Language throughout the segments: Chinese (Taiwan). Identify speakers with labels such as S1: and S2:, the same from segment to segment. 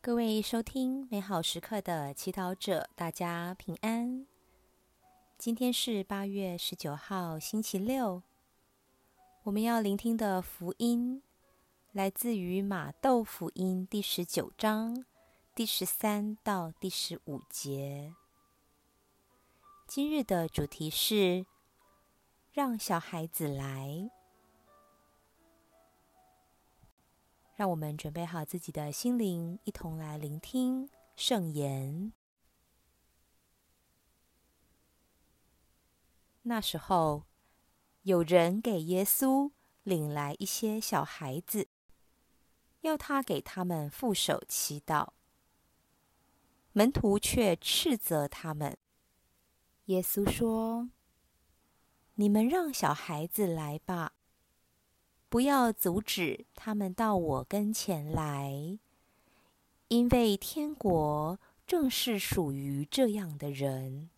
S1: 各位收聽美好時刻的祈禱者，大家平安。今天是八月十九號，星期六。我們要聆聽的福音來自於瑪竇福音第十九章第十三到第十五節。今日的主題是讓小孩子來。讓我們準備好自己的心靈，一同來聆聽聖言。那時候，有人給耶穌領來一些小孩子，要他給他們覆手祈禱。門徒卻斥責他們。耶穌說：“你們讓小孩子來吧。”不要阻止他們到我跟前來，因為天國正是屬於這樣的人。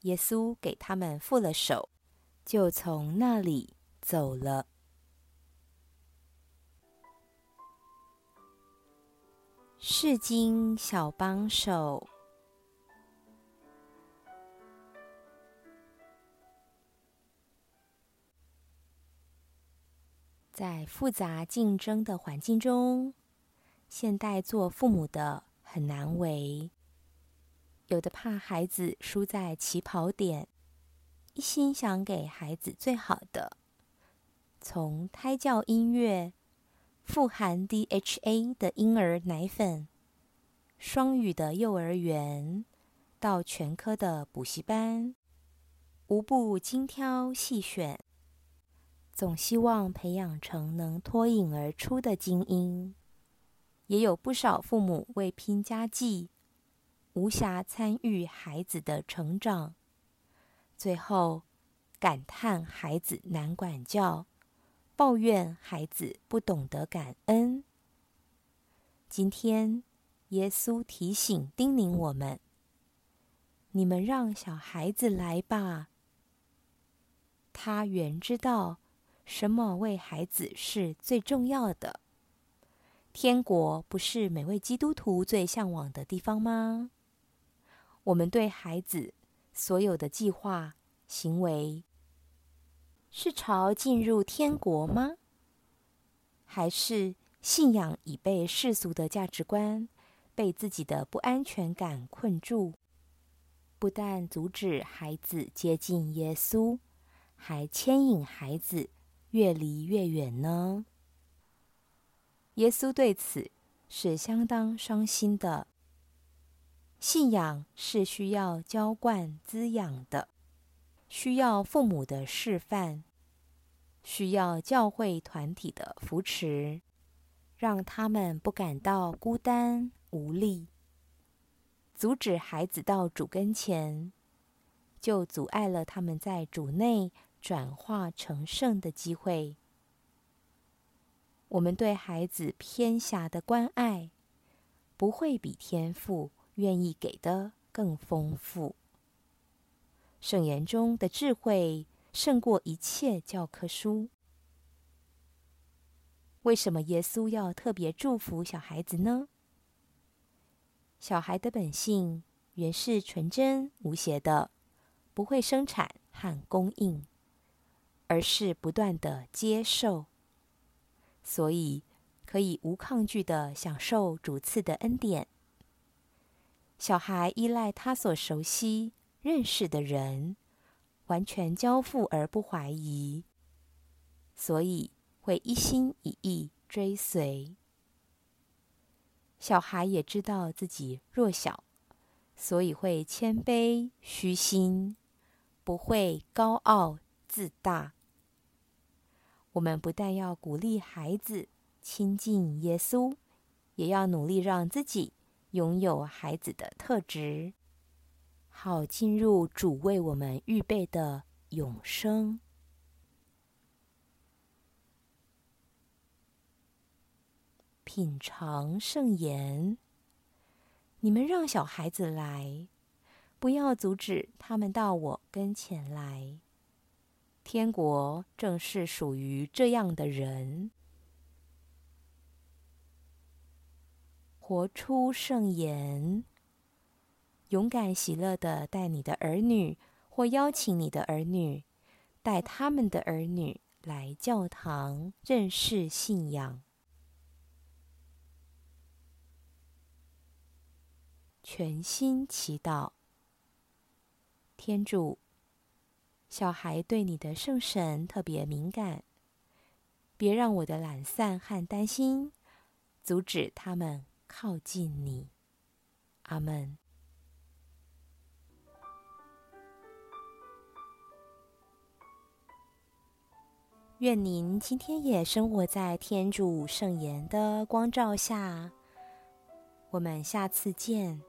S1: 耶穌給他們覆了手，就從那裡走了。釋經小幫手。在複雜競爭的環境中，現代做父母的很難為。有的怕孩子輸在起跑點，一心想給孩子最好的，從胎教音樂、富含 DHA 的嬰兒奶粉、雙語的幼兒園，到全科的補習班，無不精挑細選。總希望培養成能脫穎而出的精英，也有不少父母為拼家計，無暇參與孩子的成長，最後感嘆孩子難管教，抱怨孩子不懂得感恩。今天，耶穌提醒叮嚀我們：“你們讓小孩子來吧。他原知道。”什麼為孩子是最重要的？天國不是每位基督徒最嚮往的地方嗎？我們對孩子所有的計劃、行為，是朝進入天國嗎？還是信仰已被世俗的價值觀、被自己的不安全感困住，不但阻止孩子接近耶穌，還牽引孩子？越離越遠呢？耶穌對此是相當傷心的。信仰是需要澆灌滋養的，需要父母的示範，需要教會團體的扶持，讓他們不感到孤單無力。阻止孩子到主跟前，就阻礙了他們在主內。轉化成聖的機會。我們對孩子偏狹的關愛，不會比天父願意給的更豐富。聖言中的智慧勝過一切教科書。為什麼耶穌要特別祝福小孩子呢？小孩的本性原是純真無邪的，不會生產和供應。而是不斷的接受，所以可以無抗拒的享受主賜的恩典。小孩依賴他所熟悉認識的人，完全交付而不懷疑，所以會一心一意追隨。小孩也知道自己弱小，所以會謙卑虛心，不會高傲自大。我們不但要鼓勵孩子親近耶穌，也要努力讓自己擁有孩子的特質，好進入主為我們預備的永生。品嚐聖言。你們讓小孩子來，不要阻止他們到我跟前來。天國正是屬於這樣的人。活出聖言，勇敢喜樂地帶你的兒女，或邀請你的兒女，帶他們的兒女來教堂認識信仰。全心祈禱，天主。小孩對你的聖神特別敏感，別讓我的懶散和擔心阻止他們靠近你。阿門。願您今天也生活在天主聖言的光照下。我們下次見。